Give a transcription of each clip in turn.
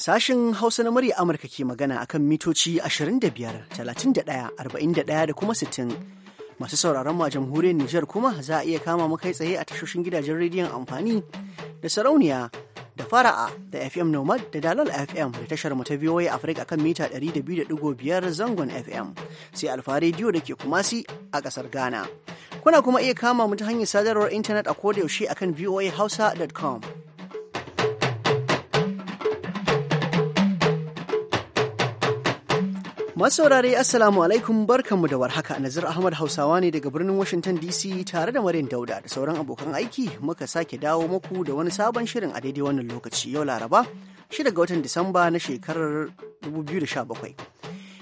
Sashen Hausa na murya Amurka ke magana akan mitoci 25, 31, 41 da kuma 60. Masu sauraron mu a jamhuriyar Nijar kuma za a iya kama mu kai tsaye a tashoshin gidajen rediyon amfani da sarauniya da fara'a da FM Nomad da Dalal FM da tashar mu ta VOA Africa kan mita 200.5 zangon FM sai Alfa Rediyo da ke Kumasi a kasar Ghana. Kuna kuma iya kama mu ta hanyar sadarwar intanet a kodayaushe akan voahausa.com. Masaurare Assalamu alaikum barkanmu da warhaka Nazir Ahmad Hausawa ne daga birnin Washington DC tare da Maryam Dauda da sauran abokan aiki muka sake dawo muku da wani sabon shirin a daidai wannan lokaci yau Laraba 6 ga watan Disamba na shekarar 2017.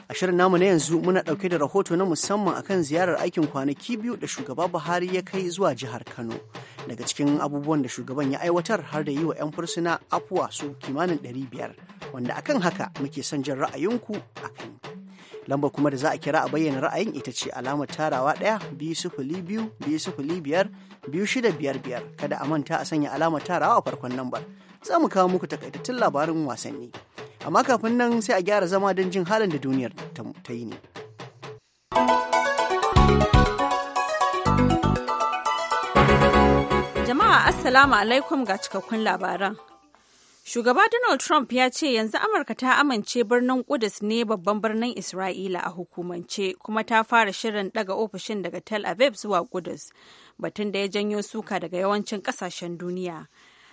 A shirin namu na yanzu muna ɗauke da rahoto na musamman akan ziyarar aikin kwanaki biyu da shugaba Buhari ya kai zuwa jihar Kano. Daga cikin abubuwan da shugaban ya aiwatar har da yi wa 'yan fursuna afuwa su kimanin 500 wanda akan haka muke son jin ra'ayinku akan. lambar kuma da za a kira a bayyana ra'ayin ita ce alamar tarawa ɗaya biyu sifili biyu biyu sifili biyar biyu shida biyar biyar kada a manta a sanya alamar tarawa a farkon lambar za mu kawo muku takaitattun labarin wasanni amma kafin nan sai a gyara zama don jin halin da duniyar ta yi ne. Jama'a Assalamu alaikum ga cikakkun labaran. Shugaba Donald Trump ya ce yanzu Amurka ta amince birnin Kudus ne babban birnin Isra'ila a hukumance kuma ta fara shirin daga ofishin daga Tel Aviv zuwa Kudus, batun da ya janyo suka daga yawancin kasashen duniya.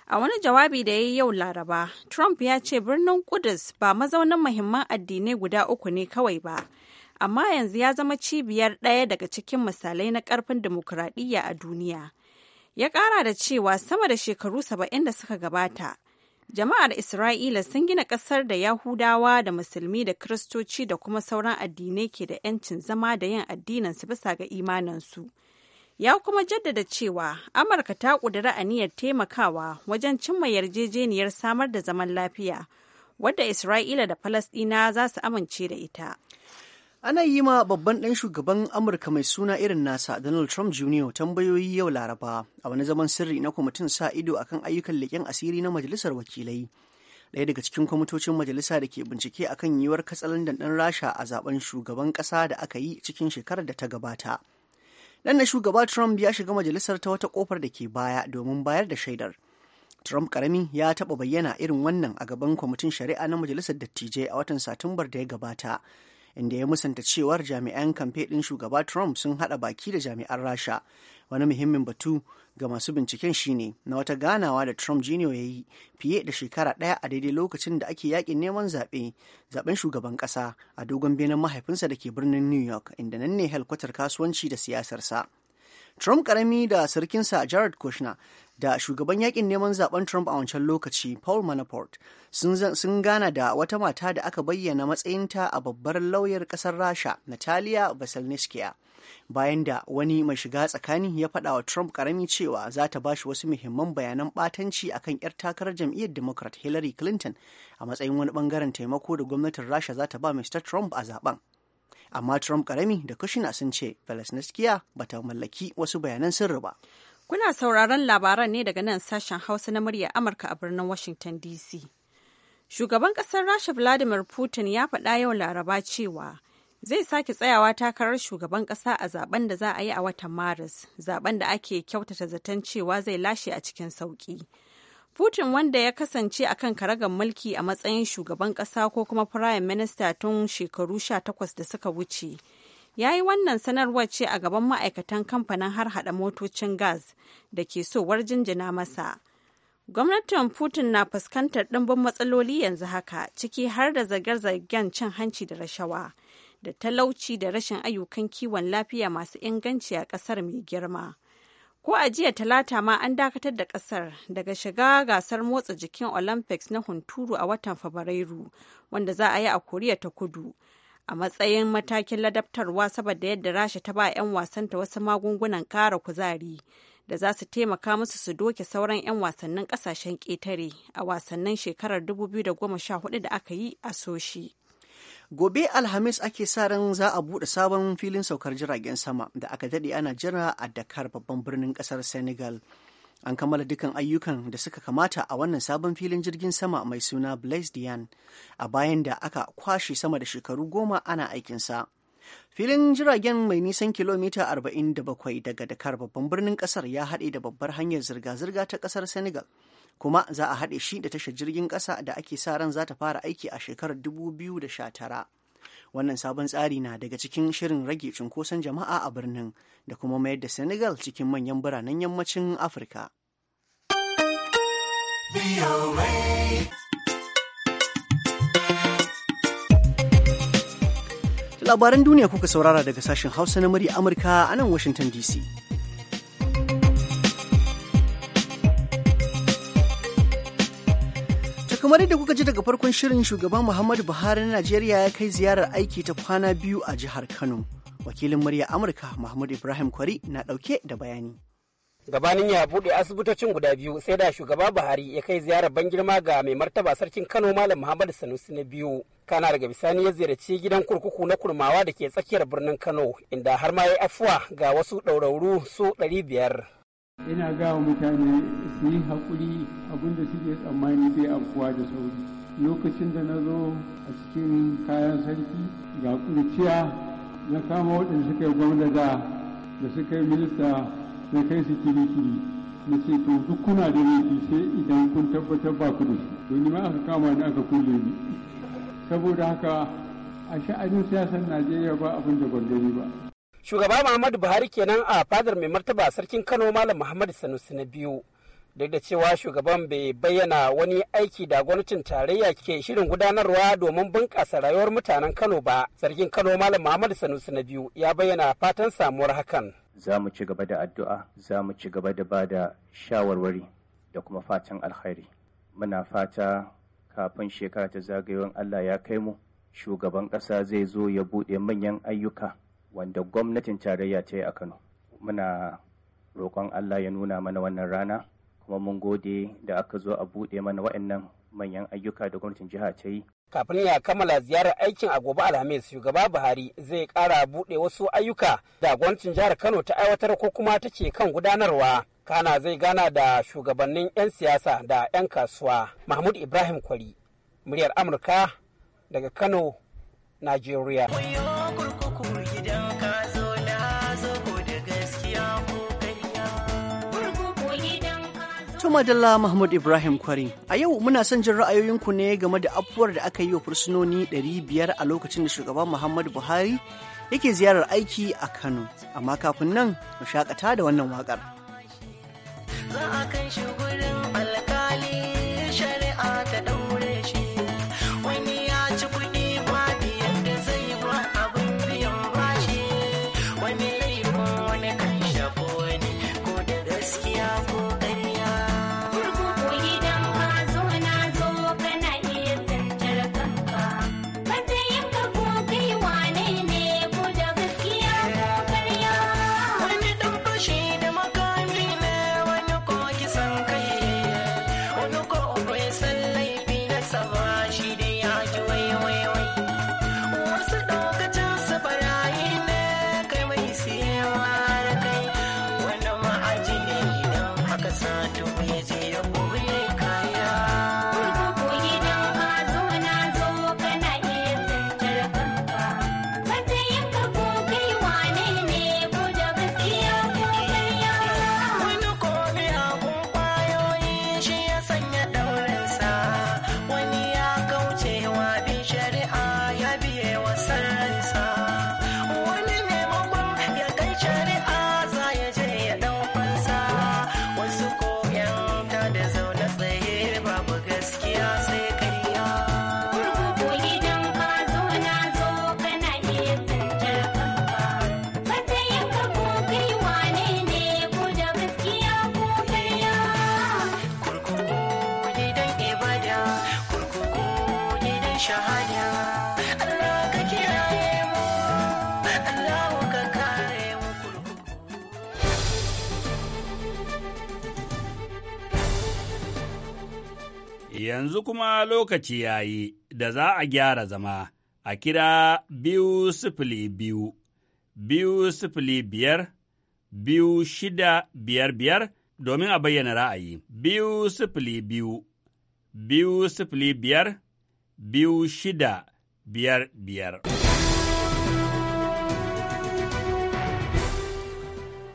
A wani jawabi da ya yi yau Laraba, Trump ya ce birnin Kudus ba mazaunin muhimman addinai guda uku ne kawai ba, amma yanzu ya zama cibiyar ɗaya daga cikin misalai na ƙarfin dimokuraɗiyya a duniya. ya ƙara da cewa sama da shekaru saba'in da suka gabata Jama'ar Isra'ila sun gina ƙasar da Yahudawa da Musulmi da Kiristoci da kuma sauran addinai ke da 'yancin zama da yin addinansu bisa ga imaninsu. Ya kuma jaddada cewa Amurka ta ƙudiri aniyar taimakawa wajen cimma yarjejeniyar samar da zaman lafiya, wadda Isra'ila da Falasɗina za su amince da ita. Ana yi ma babban ɗan shugaban Amurka mai suna irin nasa Donald Trump Jr. tambayoyi yau Laraba a wani zaman sirri na kwamitin sa ido akan ayyukan leƙen asiri na Majalisar Wakilai. Ɗaya daga cikin kwamitocin majalisa da ke bincike akan yiwuwar da ɗan Rasha a zaben shugaban ƙasa da aka yi cikin shekarar da ta gabata. Ɗan na shugaba Trump ya shiga majalisar ta wata ƙofar da ke baya domin bayar da shaidar. Trump karami ya taɓa bayyana irin wannan a gaban kwamitin shari'a na majalisar dattijai a watan Satumbar da ya gabata inda ya musanta cewar jami'an kamfe ɗin shugaba Trump sun haɗa baki da jami'an Rasha. Wani muhimmin batu ga masu binciken shine na wata ganawa da Trump Jr. ya yi fiye da shekara ɗaya a daidai lokacin da ake yakin neman zaɓe zaɓen shugaban ƙasa a dogon benin mahaifinsa da ke birnin New York inda nan ne helkwatar kasuwanci da siyasarsa. Trump karami da sarkinsa Jared Kushner da shugaban yakin neman zaben Trump a wancan lokaci Paul Manafort sun gana da wata mata da aka bayyana matsayinta a babbar lauyar kasar Rasha Natalia Veselnitskaya. Bayan da wani mai shiga tsakani ya faɗa wa Trump karami cewa za ta ba shi wasu muhimman bayanan batanci akan 'yar takarar jam'iyyar Democrat Hillary Clinton a matsayin wani bangaren taimako da gwamnatin Rasha za ta ba Mr. Trump a zaben. Amma Trump karami da Kushina sun ce Velasneskiya ba ta mallaki wasu bayanan sirri ba. Kuna sauraron labaran ne daga nan sashen Hausa na murya Amurka a birnin Washington DC. Shugaban ƙasar Rasha Vladimir Putin ya faɗa yau Laraba cewa zai sake tsayawa takarar shugaban ƙasa a zaben da za a yi a watan Maris, zaben da ake kyautata zaton cewa zai lashe a cikin sauƙi. Putin wanda ya kasance a kan karagar mulki a matsayin shugaban ƙasa ko kuma firayim minista tun shekaru takwas da suka wuce. ya yi wannan sanarwar ce a gaban ma'aikatan kamfanin har hada motocin gas da ke war jinjina masa gwamnatin putin na fuskantar ɗimbin matsaloli yanzu haka ciki har da zargen cin hanci da rashawa da talauci da rashin ayyukan kiwon lafiya masu inganci a ƙasar mai girma ko a jiya talata ma an dakatar da ƙasar daga shiga gasar motsa jikin olympics na hunturu a watan fabrairu wanda za a yi a koriya ta kudu a matsayin matakin ladabtarwa saboda yadda rasha ta ba 'yan wasanta wasu magungunan kara kuzari da za su taimaka musu su doke sauran 'yan wasannin kasashen ƙetare a wasannin shekarar 2014 da aka yi a soshi. gobe alhamis ake sa ran za a buɗe sabon filin saukar jiragen sama da aka daɗe ana jira a dakar babban birnin ƙasar senegal an kammala dukkan ayyukan da suka kamata a wannan sabon filin jirgin sama mai suna blaise dian a bayan da aka kwashe sama da shekaru goma ana aikinsa filin jiragen mai nisan kilomita 47 daga dakar babban birnin kasar ya haɗe da babbar hanyar zirga-zirga ta kasar senegal kuma za a haɗe shi da tashar jirgin ƙasa da ake sa ran za ta fara aiki a shekarar 2019 wannan sabon tsari na daga cikin shirin rage cunkoson jama'a a birnin da kuma mayar da senegal cikin manyan biranen yammacin afirka labaran duniya kuka saurara daga sashen hausa na murya amurka a nan washington dc kamar yadda kuka ji daga farkon shirin shugaban muhammadu buhari na najeriya ya kai ziyarar aiki ta kwana biyu a jihar kano wakilin murya amurka muhammadu ibrahim kwari na dauke da bayani gabanin ya bude asibitocin guda biyu sai da shugaba buhari ya kai ziyarar ban girma ga mai martaba sarkin kano malam muhammadu sanusi na biyu kana daga bisani ya ziyarci gidan kurkuku na kurmawa da ke tsakiyar birnin kano inda har ma ya afuwa ga wasu ɗaurauru su ɗari biyar ina gawa mutane su yi haƙuri abinda suke tsammani zai afkuwa da sauri lokacin da na zo a cikin kayan sarki ga kurciya na kama waɗanda suka yi gwamna da da suka yi minista na kai su kiri-kiri na ce to duk kuna da laifi sai idan kun tabbatar ba ku da shi to ni ma aka kama ni aka kulle ni saboda haka a sha'anin siyasar najeriya ba abin da gwandari ba shugaba muhammadu buhari kenan a fadar mai martaba sarkin kano malam muhammadu sanusi na biyu duk da cewa shugaban bai bayyana wani aiki da gwamnatin tarayya ke shirin gudanarwa domin bunƙasa rayuwar mutanen kano ba sarkin kano malam muhammadu sanusi na biyu ya bayyana fatan samuwar hakan za mu ci gaba da addu'a za mu ci gaba da ba da shawarwari da kuma fatan alkhairi muna fata kafin shekara ta zagayowar allah ya kai mu shugaban ƙasa zai zo ya buɗe manyan ayyuka wanda gwamnatin tarayya ta yi a Kano. Muna roƙon Allah ya nuna mana wannan rana kuma mun gode da aka zo a buɗe mana waɗannan manyan ayyuka da gwamnatin jiha ta yi. Kafin ya kammala ziyarar aikin a gobe Alhamis, shugaba Buhari zai ƙara buɗe wasu ayyuka da gwamnatin jihar Kano ta aiwatar ko kuma take kan gudanarwa. Kana zai gana da shugabannin 'yan siyasa da 'yan kasuwa. Mahmud Ibrahim Kwari, muryar Amurka daga Kano, Najeriya. madalla Mahmud Ibrahim Kwari. A yau muna son jin ra'ayoyinku ne game da abubuwar da aka yi wa fursunoni 500 a lokacin da shugaban Muhammadu Buhari yake ziyarar aiki a Kano. Amma kafin nan mu shakata da wannan waƙar. Za a kai kuma lokaci ya yi da za a gyara zama a kira biyu sifili biyu, biyu sifili biyar, biyu shida biyar biyar domin a bayyana ra'ayi. Biyu sifili biyu, biyu sifili biyar, biyu shida biyar biyar.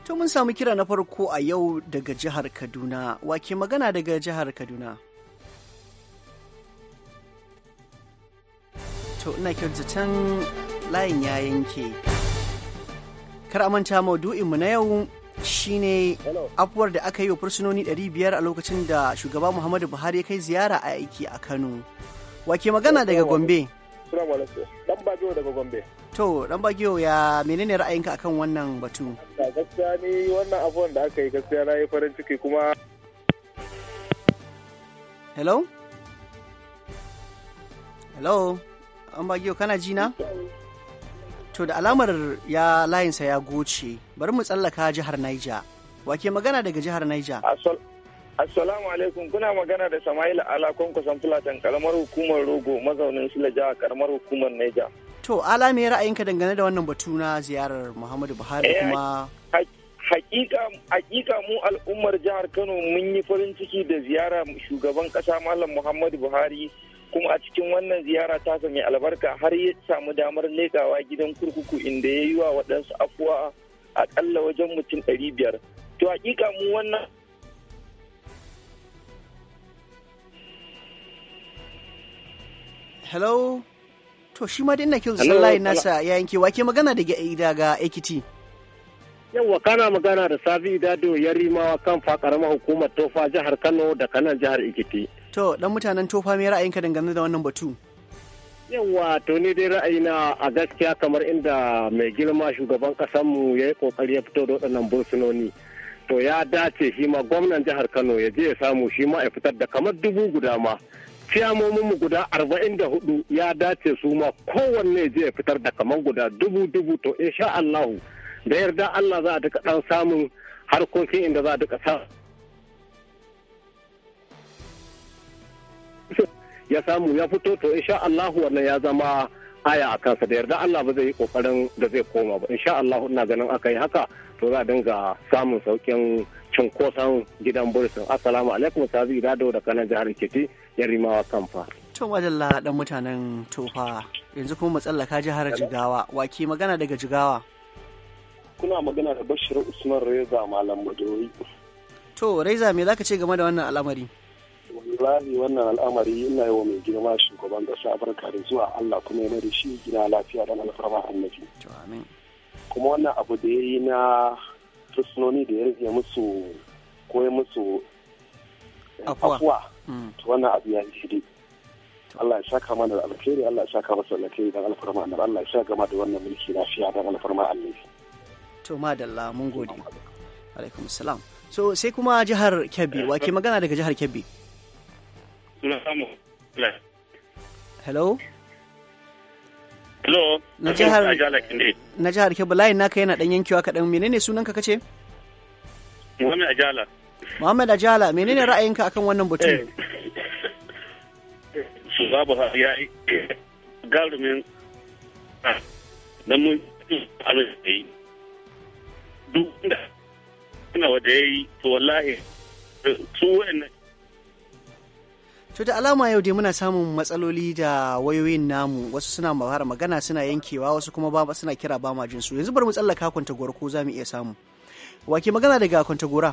To mun samu kira na farko a yau daga jihar Kaduna, wake magana daga jihar Kaduna. to ina can layin ya yanke kar manta maudu'inmu na yau shine afuwar da aka yi wa fursunoni 500 a lokacin da shugaba muhammadu buhari ya kai ziyara a aiki a kano wake magana daga gombe daga to dan bagiyo ya menene ra'ayinka akan wannan batu gaskiya ni wannan abuwan da aka yi gaskiya na yi farin ciki kuma hello hello an bagiyo kana jina? To da alamar ya layinsa ya goce, bari mu tsallaka jihar Naija. Wake magana daga jihar Naija? Assalamu alaikum kuna magana da Sama'il Ala kusan Fulatan karamar hukumar Rogo mazaunin jihar karamar hukumar Naija. To Ala me ra'ayinka dangane da wannan batu na ziyarar Muhammadu Buhari eh, kuma hakika mu al'ummar jihar Kano mun yi farin ciki da ziyara shugaban ƙasa Malam Muhammadu Buhari kuma a cikin wannan ziyara ta mai albarka har ya samu damar lekawa gidan kurkuku inda ya yi wa waɗansu afuwa aƙalla wajen mutum ɗari biyar to hakika mu wannan hello to shi ma dinna kin sun nasa ya yanke wake magana da daga ekiti yawwa kana magana da safi idado ya rimawa kan fa karamar hukumar tofa jihar kano da kanan jihar ekiti To, dan mutanen tofa me ra'ayinka dangane da wannan batu? yawa to ni dai ra'ayi na a gaskiya kamar inda mai girma shugaban kasanmu ya yi kokari ya fito da waɗannan bursunoni to ya dace shi ma gwamnan jihar kano ya je ya samu shi ma ya fitar da kamar dubu guda ma ciyamominmu guda arba'in da hudu ya dace su ma kowanne je ya fitar da kamar guda dubu dubu to insha allahu da yarda allah za a duka ɗan samun harkokin inda za a duka samun ya samu ya fito to insha Allah wannan ya zama aya a kansa da yarda Allah ba zai yi kokarin da zai koma ba insha Allah ina ganin aka yi haka to za a dinga samun saukin cunkoson gidan bursin assalamu alaikum sabi gado da kanan jihar kiti rimawa kamfa to wajalla dan mutanen tofa yanzu kuma matsallaka jihar jigawa ke magana daga jigawa kuna magana da bashir usman reza malam madori to reza me zaka ce game da wannan al'amari wallahi wannan al'amari ina wa mai girma shugaban kasa barka da zuwa Allah kuma yana da shi gina lafiya dan alfarma annabi kuma wannan abu da ya yi na fursunoni da ya rage musu ko ya musu afuwa mm. to wannan abu ya daidai Allah ya saka mana da alkhairi Allah ya saka masa alkhairi dan alfarma annabi Allah ya saka da wannan mulki lafiya dan alfarma annabi to madalla mun gode alaikum salam so sai kuma jihar Kebbi wake magana daga jihar Kebbi hello hello na jihar na jihar kebbi layin naka yana dan yankewa kaɗan menene sunan ka kace muhammad ajala muhammad ajala menene ra'ayinka akan wannan batun eh. su babu ya yi garumin da ah, mun abin da yi duk da suna wadda ya yi to wallahi su wa'in to da alama yau dai muna samun matsaloli da wayoyin namu wasu suna fara magana suna yankewa wasu kuma ba suna kira ba ma jinsu yanzu bari mu tsallaka kwantagora ko za mu iya samu wake magana daga kwantagora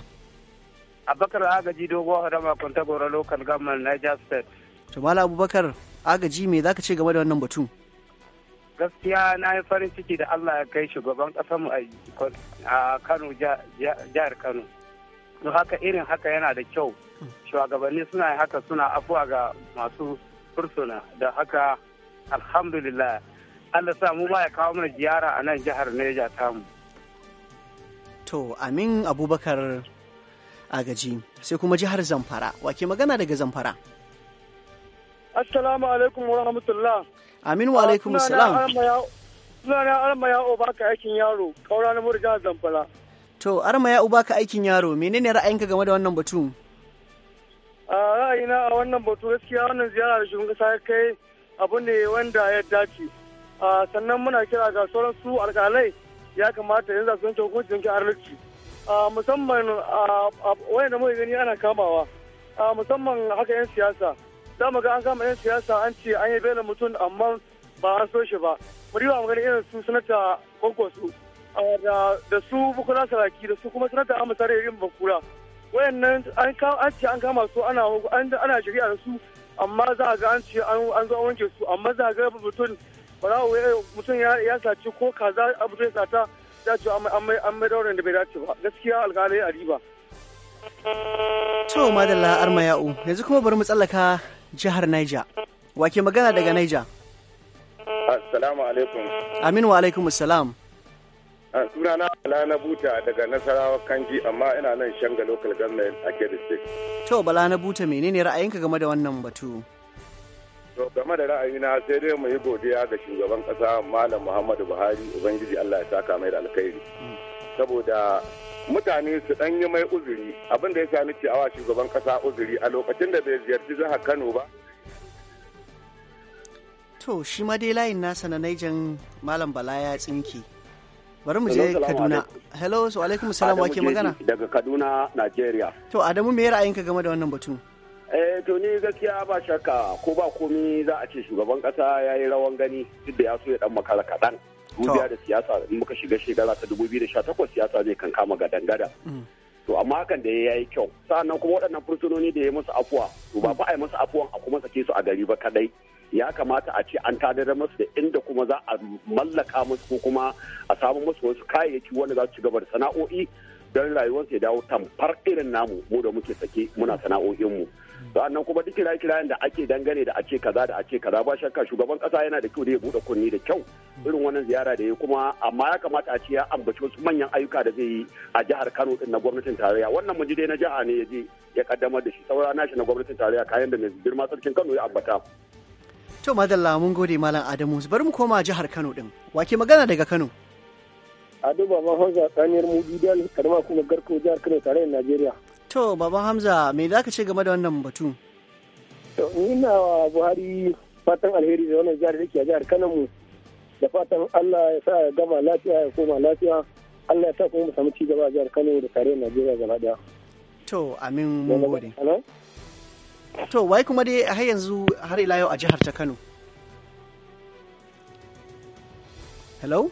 abubakar agaji dogo harama kwantagora local government niger state to mala abubakar agaji me zaka ce game da wannan batu gaskiya na yi farin ciki da allah ya kai shugaban kasar mu a kano jihar kano to haka irin haka yana da kyau shugabanni suna haka suna afuwa ga masu fursuna da haka alhamdulillah Allah sa mu ba ya kawo mana ziyara a nan jihar Neja tamu. To, amin abubakar agaji sai kuma jihar Zamfara, wake magana daga Zamfara. Assalamu alaikum wa rahmatullah. Amin wa alaikum ah, salam. Sunana Arma ya uba ka aikin yaro, kaura na jihar Zamfara. To, Arma ya uba ka aikin yaro, menene ra'ayinka game da wannan batun? a ra'ayina a wannan batu gaskiya wannan ziyara da shugaban kasa ya kai abu ne wanda ya dace sannan muna kira ga sauran su alƙalai ya kamata yanzu su hukunci hukuncin ki arziki musamman wanda muka gani ana kamawa musamman haka 'yan siyasa za mu ga an kama 'yan siyasa an ce an yi bela mutum amma ba an so shi ba mu riba gani irin su sanata kwankwaso da su bukuna saraki da su kuma sanata amsa da irin bakura wayan nan an ce an kama su ana ana shirya da su amma za a ga an ce an zo an wanke su amma za a ga mutum barawo eh, mutum ya saci ko kaza abu zai sata ya ce an mai daurin da bai dace ba gaskiya alkalai a riba. To madalla arma ya'u yanzu kuma bari mu tsallaka jihar Niger. Wake magana daga Niger? Assalamu alaikum. aminu wa alaikum assalam. a sunana bala na buta daga nasarawa kanji amma ina nan shanga local government a kebbi state to bala na buta menene ra'ayinka game da wannan batu to game da ra'ayina sai dai mu yi godiya ga shugaban kasa malam muhammadu buhari ubangiji allah ya saka mai da alkhairi saboda mutane su dan yi mai uzuri abin da ya sami ciyawa shugaban kasa uzuri a lokacin da bai ziyarci jihar kano ba to shi ma dai layin nasa na naijan malam bala ya tsinki. bari mu je kaduna hello so alaikum salam wake magana daga kaduna nigeria to adamu me ka game da wannan batu eh to ni gaskiya ba shakka ko ba komi za a ce shugaban kasa ya yi rawan gani duk da ya so ya dan makara kaɗan dubiya da siyasa in muka shiga shekara ta 2018 siyasa zai kan kama gadan gada mm. to amma hakan da ya yi kyau sa'annan kuma waɗannan fursunoni da ya musu afuwa to ba fa a musu afuwan a kuma sake su a gari ba kadai ya kamata a ce an tadar masu da inda kuma za a mallaka masu ko kuma a samu masu wasu kayayyaki wanda za su ci gaba da sana'o'i don rayuwarsu ya dawo tamfar irin namu mu da muke sake muna sana'o'inmu nan kuma duk kira kirayen da ake dangane da ake kaza da ake kaza ba shakka shugaban kasa yana da kyau da ya bude kunni da kyau irin wannan ziyara da ya kuma amma ya kamata a ce ya ambaci wasu manyan ayyuka da zai yi a jihar Kano din na gwamnatin tarayya wannan mu ji dai na jiha ne ya je ya kaddamar da shi saura nashi na gwamnatin tarayya kayan da mai girma sarkin Kano ya ambata To madalla mun gode Malam Adamu bari mu koma jihar Kano din. Wake magana daga Kano. Ado Baba Hamza tsaniyar mu Bidan Karma kuma Garko jihar Kano tare da Najeriya. To Baba Hamza me za ka ce game da wannan batu? To ni na Buhari fatan alheri da wannan jihar yake a jihar Kano mu da fatan Allah ya sa ya gama lafiya ya koma lafiya Allah ya sa kuma mu samu ci gaba a jihar Kano da tare da Najeriya gaba daya. To amin mun gode. to wai kuma dai har yanzu har ila yau a jihar ta kano hello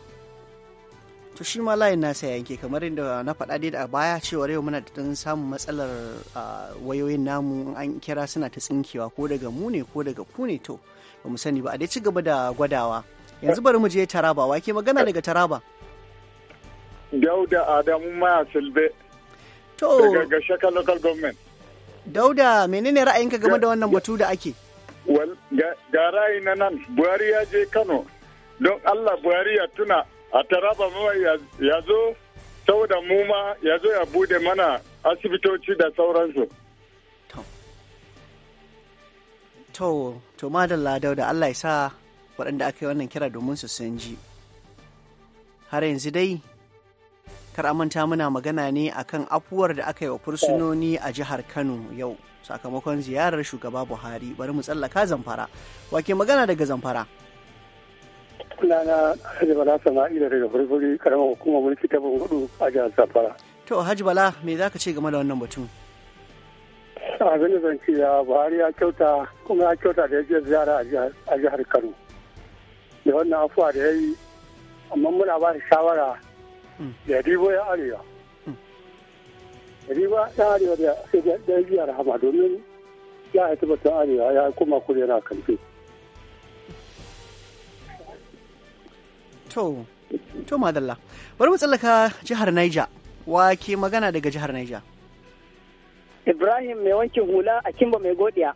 to shi ma layin nasa yanke kamar inda na faɗa dai da baya cewar yau muna da samun matsalar wayoyin namu an kira suna ta tsinkewa ko daga mu ne ko daga ku ne to ba mu sani ba a dai ci gaba da gwadawa yanzu bari mu je taraba ke magana daga taraba dauda adamu maya silbe to daga shaka local government Dauda menene ra'ayinka game da wannan batu da ake? Wal ga ra'ayi na nan Buhari ya je Kano don Allah Buhari ya tuna a taraba mawa ya zo saboda mu ma ya zo ya bude mana asibitoci da sauransu. To, to madalla Dauda Allah ya sa waɗanda aka yi wannan kira domin su sun ji. Har yanzu dai kar manta muna magana ne akan afuwar da aka yi wa fursunoni a jihar kano yau sakamakon ziyarar shugaba buhari bari mu tsallaka zamfara wake magana daga zamfara Bala To Hajji Bala me za ka ce game da wannan batun? Abin da zan ce ya Buhari ya kyauta kuma ya kyauta da ya ziyara a jihar Kano. Da wannan afuwa da ya yi amma muna ba shawara da mm. ribo ya arewa riba mm. ya arewa da ya biya rahama domin ya haiti batun arewa ya kuma kuma yana kamfe to to madalla bari mu tsallaka jihar naija wa ke magana daga jihar naija ibrahim mai wankin hula a kimba mai godiya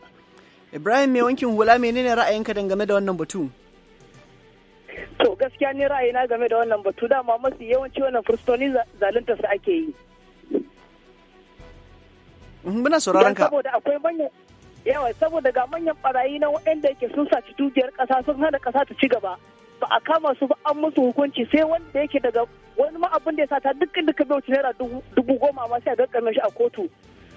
ibrahim mai wankin hula menene ra'ayinka dangane da wannan batun. To gaskiya ne ra'ayina game da wannan batu dama mafi yawanci wannan furstoni zalunta su ake yi. Muna sauraron ka. Saboda akwai manyan yawa saboda ga manyan barayi na waɗanda yake sun saci dukiyar ƙasa sun hana ƙasa ta ci gaba ba a kama su ba an musu hukunci sai wanda yake daga wani ma da ya sata dukkan duka ka naira dubu goma ma sai a ga shi a kotu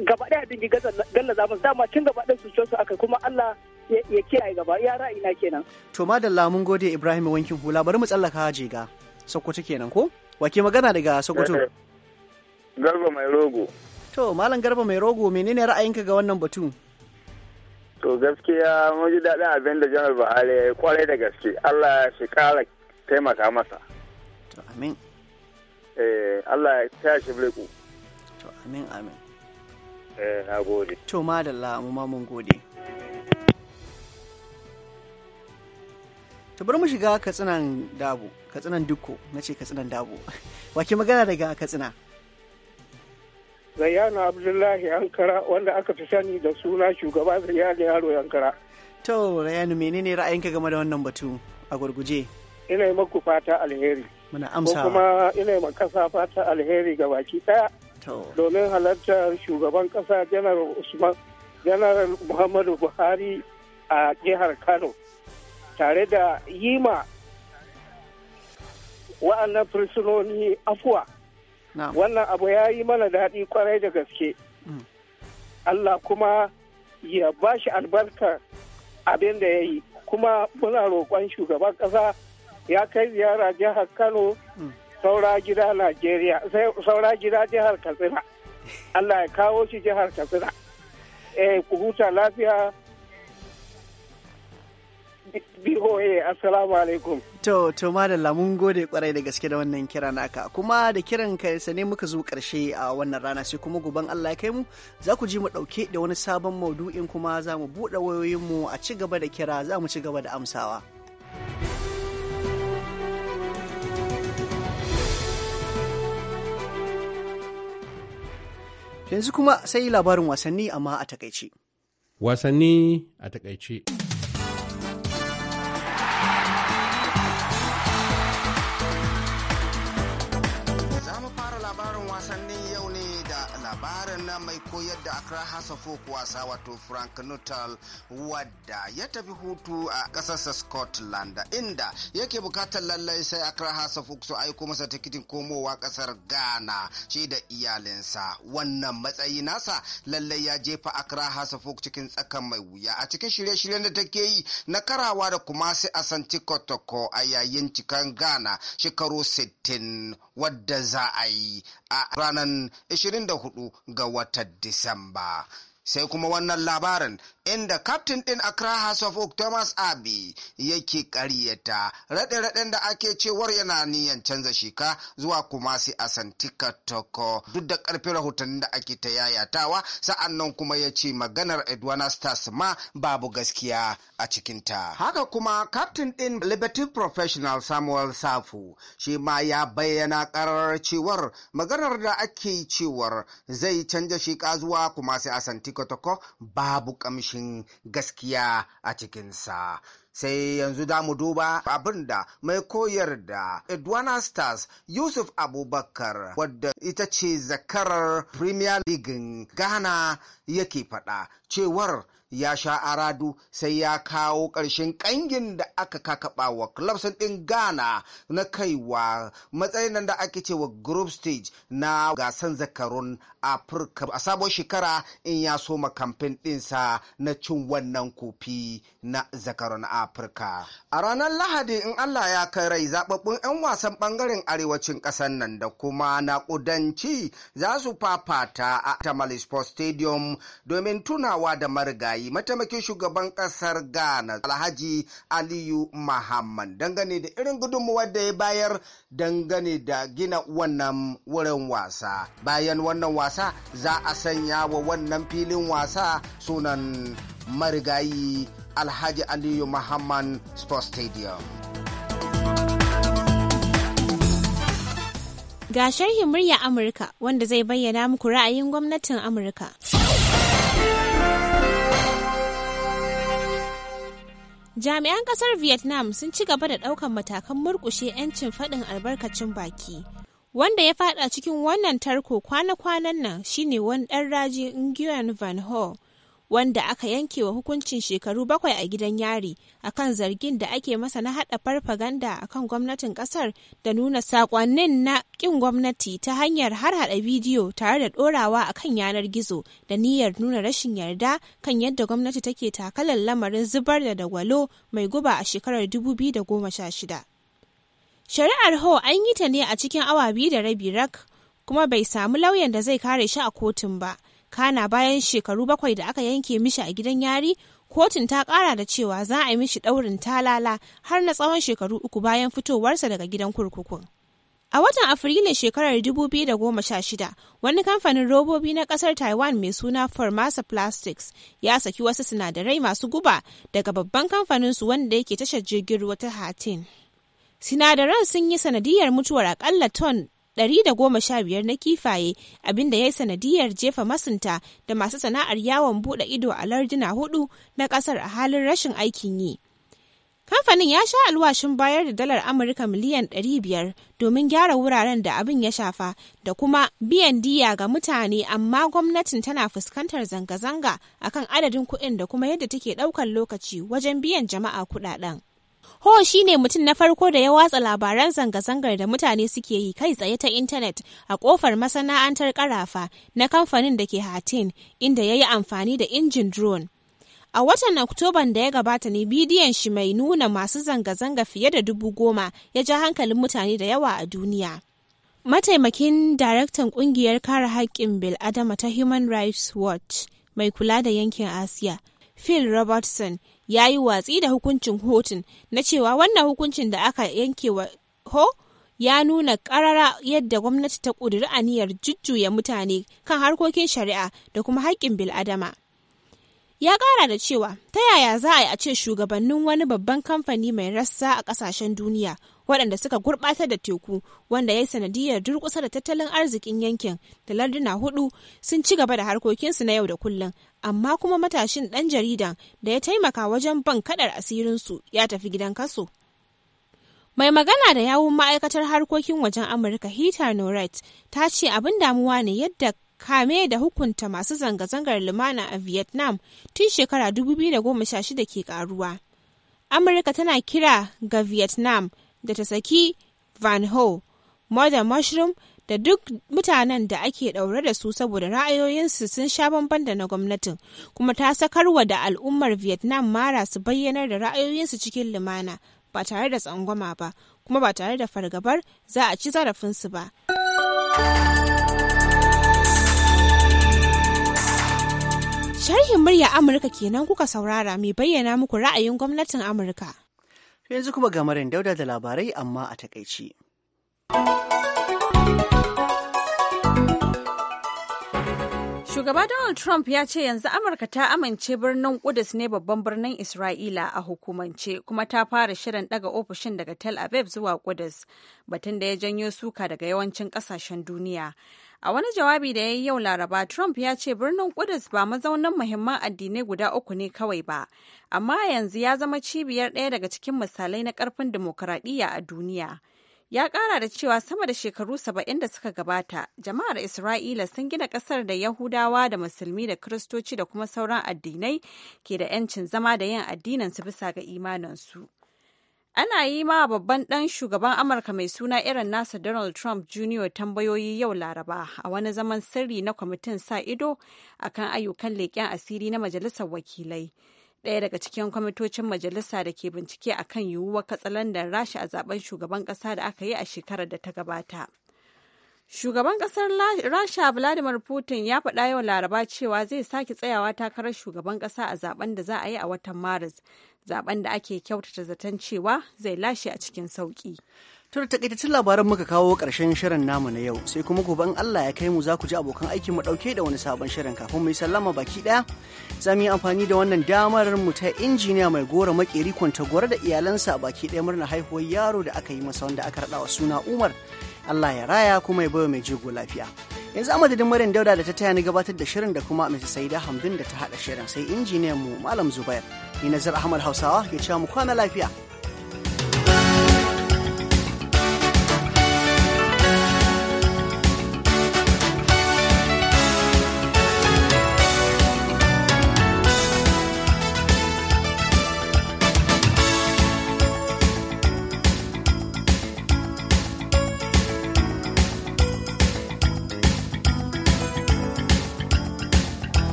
gaba ɗaya abin da galla za musu dama cin gaba ɗaya su aka kuma Allah ya kiyaye gaba ya na kenan. To madalla mun gode Ibrahim wankin hula bari mu tsallaka jega Sokoto kenan ko? Wake magana daga Sokoto? Eh, eh. Garba mai rogo. To malam Garba mai rogo menene ra'ayinka ga wannan batu? To gaskiya mun ji daɗin abin da Janar Buhari ya yi kwarai da gaske Allah ya shi ƙara taimaka masa. To amin. Eh Allah ya tashi bulku. To amin amin. Eh, na gode. To, madalla, mu ma mun gode. To, bari mu shiga katsinan dabo, katsinan dukko, na ce katsinan dabo. Wake magana daga katsina? Zayyana Abdullahi Ankara, wanda aka fi sani da suna shugaba Zayyano Yaro Ankara. To, Rayanu, menene ra'ayinka game da wannan batu a gurguje? Ina yi maku fata alheri. Muna amsa. Ko kuma ina yi kasa fata alheri ga baki ɗaya. domin halartar shugaban kasa janar usman janar muhammadu buhari a jihar kano tare da yima wa'annan fursunoni afuwa wannan abu ya yi mana daɗi kwarai da gaske mm. allah kuma ya ba shi albarkar abin da ya yi kuma muna roƙon shugaban ƙasa ya kai ziyara jihar kano mm. saura gida Najeriya, saura gida jihar Katsina. Allah ya kawo shi jihar Katsina. Eh, ku huta lafiya. BOA, Assalamu alaikum. To, to madalla mun gode kwarai da gaske da wannan kira naka. Kuma da kiran ka ne muka zo karshe a wannan rana sai kuma guban Allah ya kai mu za ku ji mu ɗauke da wani sabon maudu'in kuma za mu buɗe wayoyinmu a ci gaba da kira za mu ci gaba da amsawa. Yanzu kuma sai labarin wasanni amma a takaice. Wasanni a takaice. mai koyar da Accra House of Folk wasa wato Frank Nuttall wadda ya tafi hutu a ƙasarsa Scotland inda yake bukatar lallai sai Accra House of Folk su aiko masa tikitin komowa ƙasar Ghana shi da iyalinsa wannan matsayi nasa lallai ya jefa Accra House of Folk cikin tsakan mai wuya a cikin shirye-shiryen da take yi na karawa da kuma sai a san a yayin cikan Ghana shekaru 60 wadda za a yi a ranar 24 ga watan Disamba. sai kuma wannan labarin inda kaftin ɗin a House of Oak Thomas Abbey yake ƙaryata raɗe-raɗen da ake cewar yana niyan canza shika zuwa kuma a Santika Toko duk da ƙarfin rahoton da ake ta yayatawa sa'an nan kuma ya ce maganar Edwana Stars ma babu gaskiya a cikinta. Haka kuma kaftin ɗin Liberty Professional Samuel Safu shi ma ya bayyana ƙarar cewar maganar da ake cewar zai canza shika zuwa Kumasi Asantika kwatakwa babu kamshin gaskiya a cikinsa. sai yanzu da mu duba abin da mai koyar da Edwana Stars Yusuf Abubakar wadda ita ce zakarar Premier League Ghana yake faɗa cewar ya sha aradu sai ya kawo ƙarshen ƙangin da aka kakaɓa wa clubs ɗin ghana na kaiwa matsayin nan da ake cewa group stage na gasan zakarun afirka a sabon shekara in ya soma kamfen ɗinsa na cin wannan kofi na zakarun afirka a ranar lahadi in allah ya kai rai zababbun 'yan wasan ɓangaren arewacin ƙasar nan da kuma na kudanci za su fafata a tamale sports stadium domin tunawa da marigayi yi mataimakin shugaban kasar ghana alhaji aliyu Muhammad, dangane da irin gudunmuwar da ya bayar dangane da gina wannan wurin wasa bayan wannan wasa za a sanya wa wannan filin wasa sunan marigayi alhaji aliyu Muhammad sports stadium ga sharhin murya Amurka wanda zai bayyana muku ra'ayin gwamnatin Amurka. Jami'an kasar Vietnam sun ci gaba da ɗaukan matakan murkushe 'yancin faɗin albarkacin baki. Wanda ya faɗa cikin wannan tarko kwana-kwanan nan shine wani ɗan raji Nguyen Van Ho, wanda aka yanke wa hukuncin shekaru bakwai a gidan yari a kan zargin da ake masa na hada farfaganda akan gwamnatin kasar da nuna sakonnin na kin gwamnati ta hanyar har hada bidiyo tare da dorawa kan yanar gizo da niyyar nuna rashin yarda kan yadda gwamnati take takalar lamarin zubar da dagwalo mai guba a shekarar 2016 shari'ar ho an yi ta ne a cikin awa biyu da rabi rak kuma bai samu lauyan da zai kare shi a kotun ba kana bayan shekaru bakwai da aka yanke mishi a gidan yari kotun ta kara da cewa za a yi mishi daurin talala har na tsawon shekaru uku bayan fitowarsa daga gidan kurkukun a watan afrilun shekarar 2016 wani kamfanin robobi na kasar taiwan mai suna formasa plastics ya saki wasu sinadarai masu guba daga babban kamfanin su wanda yake tashar jirgin ruwa ta hatin sinadaran sun yi sanadiyar mutuwar akalla ton 115 na kifaye abinda ya yi sanadiyar jefa masunta da masu sana'ar yawon bude ido a larduna hudu na kasar a halin rashin aikin yi. Kamfanin ya sha alwashin bayar da dalar Amurka miliyan 500 domin gyara wuraren da abin ya shafa da kuma biyan diya ga mutane amma gwamnatin tana fuskantar zanga-zanga akan adadin kuɗin da kuma yadda take ɗaukar lokaci wajen biyan jama'a kuɗaɗen. Ho shi ne mutum na farko da ya watsa labaran zanga-zangar da mutane suke yi kai tsaye ta intanet a kofar masana'antar karafa na kamfanin da ke Hatin inda ya yi amfani da injin drone. A watan Oktoban da ya gabata ne bidiyon shi mai nuna masu zanga-zanga fiye da dubu goma ya ja hankalin mutane da yawa a duniya. Mataimakin daraktan kungiyar kare haƙƙin adama ta Human Rights Watch mai kula da yankin Asiya, Phil Robertson ya yi watsi da hukuncin hotun na cewa wannan hukuncin da aka yanke wa ho ya nuna karara yadda gwamnati ta ƙudiri aniyar jujjuya mutane kan harkokin shari'a da kuma haƙƙin bil'adama. ya kara da cewa ta yaya za a yi a ce shugabannin wani babban kamfani mai rassa a ƙasashen duniya waɗanda suka gurɓatar da teku wanda ya yi sanadiyar durƙusa da tattalin arzikin yankin da larduna hudu sun ci gaba da harkokinsu na yau da kullum amma kuma matashin ɗan jaridan da ya taimaka wajen ban kaɗar asirinsu ya tafi gidan kaso Mai magana da yawun ma'aikatar harkokin wajen Amurka Heather norite ta ce abin damuwa ne yadda kame da hukunta masu zanga-zangar lumana a Vietnam tun shekara 2016 ke karuwa. Amurka tana kira ga Vietnam da ta saki Van Ho, Mother Mushroom da duk mutanen da ake ɗaure da su saboda ra'ayoyinsu sun sha bamban da na gwamnatin, kuma ta sakarwa da al'ummar Vietnam mara su bayyanar da ra'ayoyinsu cikin lumana ba tare da tsangwama ba, kuma ba tare da fargabar za a ci zarafinsu ba. Sharhin murya Amurka kenan kuka saurara mai bayyana muku ra'ayin gwamnatin Amurka. Yanzu kuma ga marin Dauda da labarai amma a takaici. Shugaba Donald Trump ya ce yanzu Amurka ta amince birnin Kudus ne babban birnin Isra'ila a hukumance kuma ta fara shirin daga ofishin daga Tel Aviv zuwa Kudus batun da ya janyo suka daga yawancin kasashen duniya. A wani jawabi da ya yi yau Laraba, Trump ya ce birnin Kudus ba mazaunin muhimman addinai guda uku ne kawai ba, amma yanzu ya zama cibiyar ɗaya daga cikin misalai na ƙarfin dimokuraɗiyya a duniya. Ya ƙara da cewa sama da shekaru saba'in da suka gabata, jama'ar Isra'ila sun gina ƙasar da Yahudawa da Musulmi da Kiristoci da kuma sauran addinai ke da 'yancin zama da yin addinansu bisa ga imaninsu. Ana yi ma babban ɗan shugaban Amurka mai suna irin nasa Donald Trump Jr. tambayoyi yau Laraba a wani zaman sirri na kwamitin sa ido akan ayyukan leƙen asiri na Majalisar Wakilai. ɗaya daga cikin kwamitocin majalisa da ke bincike akan yiwuwar katsalandan rasha a zaben shugaban ƙasa da aka yi a shekarar da ta gabata. Shugaban kasar Rasha Vladimir Putin ya faɗa yau Laraba cewa zai sake tsayawa takarar shugaban ƙasa a zaben da za a yi a watan Maris, zaben da ake kyautata zaton cewa zai lashe a cikin sauki. Tun da takaitattun labaran muka kawo ƙarshen shirin namu na yau sai kuma gobe in Allah ya kai mu za ku ji abokan aikin mu ɗauke da wani sabon shirin kafin mu yi sallama baki ɗaya. Za mu yi amfani da wannan damar mu ta injiniya mai gora makeri kwanta gora da iyalansa baki ɗaya murna haihuwar yaro da aka yi masa wanda aka raɗa wa suna Umar. Allah ya raya kuma ya bayo mai jigo lafiya. Yanzu amma da Maryam Dauda da ta taya ni gabatar da shirin da kuma Mr. Saida Hamdun da ta haɗa shirin sai injiniyan mu Malam Zubair. Ni Nazar Ahmad Hausawa ya ce mu kwana lafiya.